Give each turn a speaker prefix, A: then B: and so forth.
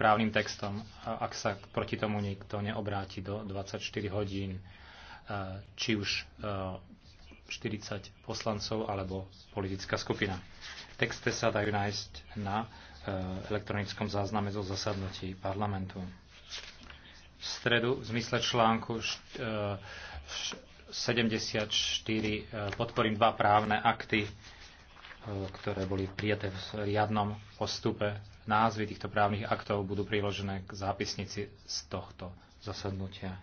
A: právnym textom, ak sa proti tomu nikto neobráti do 24 hodín, e, či už 40 e, poslancov alebo politická skupina. Texte sa dajú nájsť na e, elektronickom zázname zo zasadnutí parlamentu. V stredu v zmysle článku 74 podporím dva právne akty, ktoré boli prijaté v riadnom postupe názvy týchto právnych aktov budú priložené k zápisnici z tohto zasadnutia.